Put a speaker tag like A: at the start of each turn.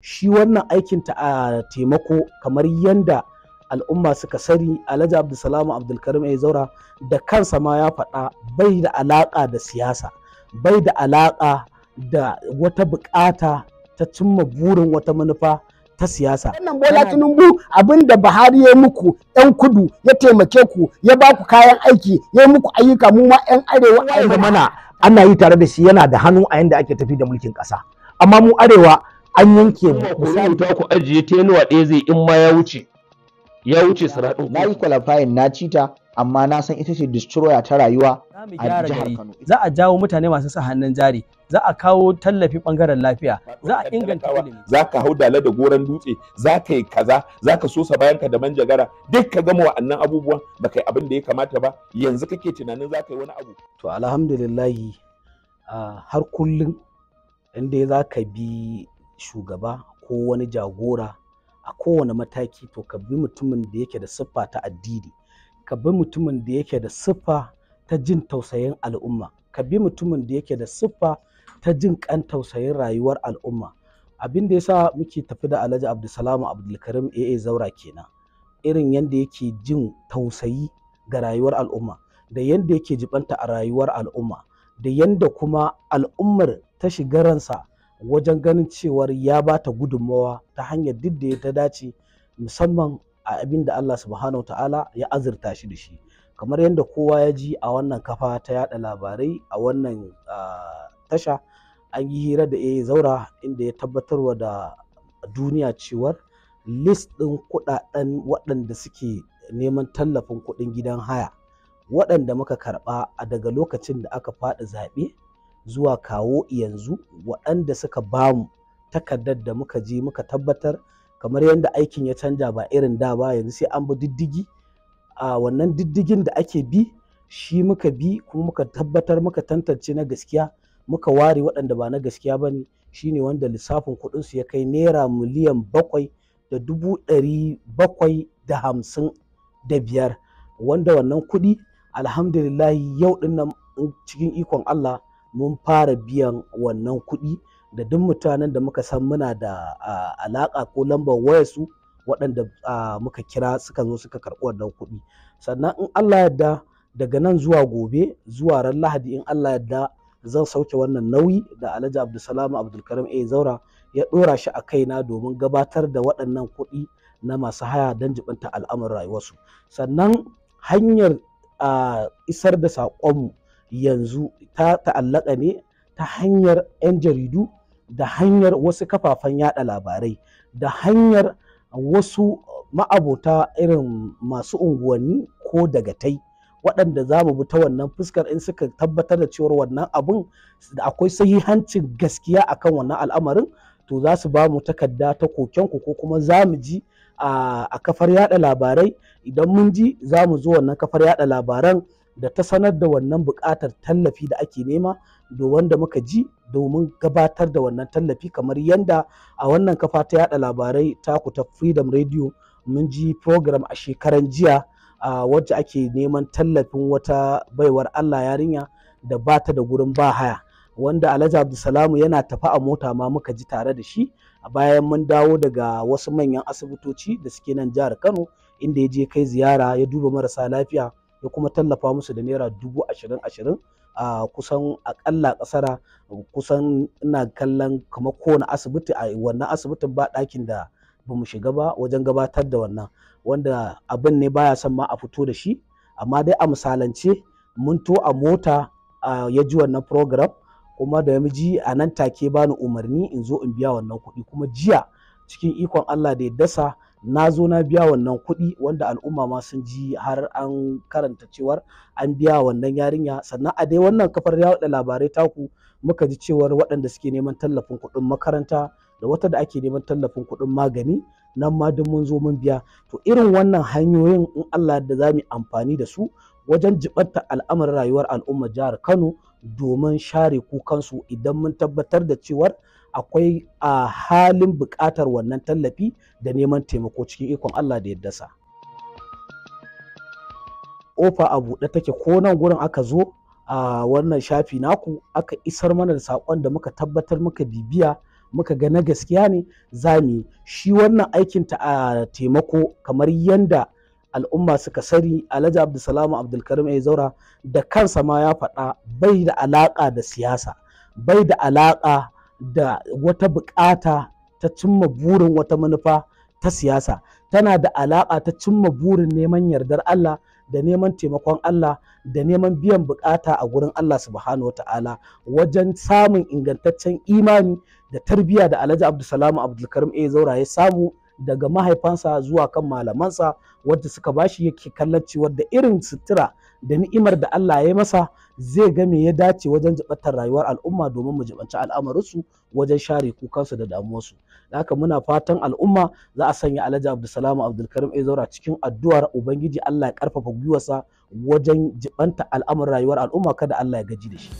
A: shi wannan aikin ta a taimako kamar yadda al'umma suka sani alhaji abdulsalamu abdulkarim ya zaura da kansa ma ya faɗa bai da alaƙa da siyasa bai da alaƙa da wata buƙata ta cimma burin wata manufa ta siyasa. Wannan Bola Tinubu abin da Buhari ya muku ‘yan kudu ya taimake ku ya ba ku kayan aiki ya muku ayyuka mu ma ‘yan arewa a mana ana yi tare da shi yana da hannu a yanda ake tafi da mulkin ƙasa. Amma mu arewa an yanke mu misali ta ku ajiye tenuwa ɗaya zai in ma ya wuce ya wuce na yi qualifying na cita amma na san ita ce destroyer ta rayuwa a jihar Kano za a jawo mutane masu sa hannun jari za a kawo tallafi bangaren lafiya za a inganta ilimi za ka hau dala da goran dutse za ka yi kaza za ka sosa bayanka da manjagara duk ka gama wa'annan abubuwan ba kai abin da ya kamata ba yanzu kake tunanin za ka yi wani abu to alhamdulillahi ah, har kullum inda za ka bi shugaba ko wani jagora a kowane mataki to ka bi mutumin da yake da siffa ta addini ka bi mutumin da yake da siffa ta jin tausayin al'umma ka bi mutumin da yake da siffa ta jin ƙan tausayin rayuwar al'umma abin da yasa muke tafi da alhaji abdulsalam abdulkarim aa zaura kenan irin yadda yake jin tausayi ga rayuwar al'umma da yadda yake jibanta a rayuwar al'umma da yadda kuma al'ummar ta shiga ransa wajen ganin cewar ya ba ta gudunmawa ta hanyar duk da ta dace musamman a abin da Allah subhanahu ta'ala ya azurta shi da shi kamar yadda kowa ya ji a wannan kafa ta yada labarai a wannan tasha an yi hira da ya zaura inda ya tabbatarwa da duniya cewar list ɗin kuɗaɗen waɗanda suke neman tallafin kuɗin gidan haya waɗanda muka karɓa daga lokacin da aka faɗi zaɓe zuwa kawo yanzu waɗanda suka ba mu takardar da muka je muka tabbatar kamar yadda aikin ya canja ba irin da ba yanzu sai an bi diddigi a wannan diddigin da ake bi shi muka bi kuma muka tabbatar muka tantance na gaskiya muka ware waɗanda ba na gaskiya ba ne shine wanda lissafin kuɗinsu ya kai naira miliyan bakwai da dubu ɗari bakwai da hamsin da biyar wanda wannan kuɗi Alhamdulillah yau ɗin nan cikin ikon Allah mun fara biyan wannan kuɗi da duk mutanen da muka san muna da alaƙa ko lambar wayarsu waɗanda muka kira suka zo suka karɓi wannan kuɗi sannan in Allah yadda, daga nan zuwa gobe zuwa ran lahadi in Allah yarda zan sauke wannan nauyi da alhaji abdulsalam abdulkarim a zaura ya ɗora shi a kaina domin gabatar da waɗannan kuɗi na masu haya don jibinta al'amuran rayuwarsu sannan hanyar isar da saƙonmu yanzu ta ta'allaka ne ta hanyar 'yan jaridu da hanyar wasu kafafen yada labarai da hanyar wasu ma'abota irin masu unguwanni ko dagatai waɗanda za mu bi ta wannan fuskar in suka tabbatar da cewar wannan abun da akwai sahihancin gaskiya akan wannan al'amarin to za su ba mu takarda ta kokenku ko kuma za mu ji a kafar yada labarai idan mun ji za mu zo wannan kafar yada labaran da ta sanar da wannan buƙatar tallafi da ake nema da wanda muka ji domin gabatar da wannan tallafi kamar yadda a wannan kafa ta yada labarai taku ta freedom radio mun ji program a shekaran jiya a wacce ake neman tallafin wata baiwar allah yarinya da ba ta da gurin ba haya wanda alhaji abdulsalamu yana tafi a mota ma muka ji tare da shi a bayan mun dawo daga wasu manyan asibitoci da suke nan jihar kano inda ya je kai ziyara ya duba marasa lafiya ya kuma tallafa musu da naira dubu ashirin ashirin a kusan akalla kasara kusan ina kallon kamar kowane asibiti a wannan asibitin ba ɗakin da ba mu shiga ba wajen gabatar da wannan wanda abin ne baya son ma a fito da shi amma dai a misalance mun to a mota ya ji wannan program kuma da miji a nan take bani umarni in zo in biya wannan kuɗi kuma jiya cikin ikon Allah da ya dasa na zo na biya wannan kuɗi wanda al'umma ma sun ji har an karanta cewar an biya wannan yarinya sannan a dai wannan kafar yaɗa labarai taku muka ji cewar waɗanda suke neman tallafin kuɗin makaranta da wata da ake neman tallafin kuɗin magani nan ma duk mun zo mun biya to irin wannan hanyoyin in Allah da za mu amfani da su wajen jibatta al'amarin rayuwar al'ummar jihar Kano domin share kukansu idan mun tabbatar da cewar akwai a halin buƙatar wannan tallafi da neman taimako cikin ikon Allah da yadda sa. Ofa a buɗe take ko nan gurin aka zo a wannan shafi naku aka isar mana da saƙon da muka tabbatar muka bibiya muka ga na gaskiya ne za mu shi wannan aikin ta a taimako kamar yadda al'umma suka sani alhaji abdulsalamu abdulkarim ya zaura da kansa ma ya faɗa bai da alaƙa da siyasa bai da alaƙa da wata bukata ta cimma burin wata manufa ta siyasa tana da alaƙa ta cimma burin neman yardar Allah da neman taimakon Allah da neman biyan bukata a gurin Allah subhanahu ta'ala wajen samun ingantaccen imani da tarbiyya da Alhaji Abdulsalam Abdulkarim A Zaura ya samu daga mahaifansa zuwa kan malamansa wadda suka bashi yake kallon da irin sutura da ni'imar da Allah ya masa zai ga me ya dace wajen jibantar rayuwar al'umma domin mu jibanci al'amarinsu wajen share kukansu da damuwarsu da haka muna fatan al'umma za a sanya alhaji abdulsalam abdulkarim ezaura cikin addu'ar ubangiji Allah ya karfafa gwiwarsa wajen jibanta al'amarin rayuwar al'umma kada Allah ya gaji da shi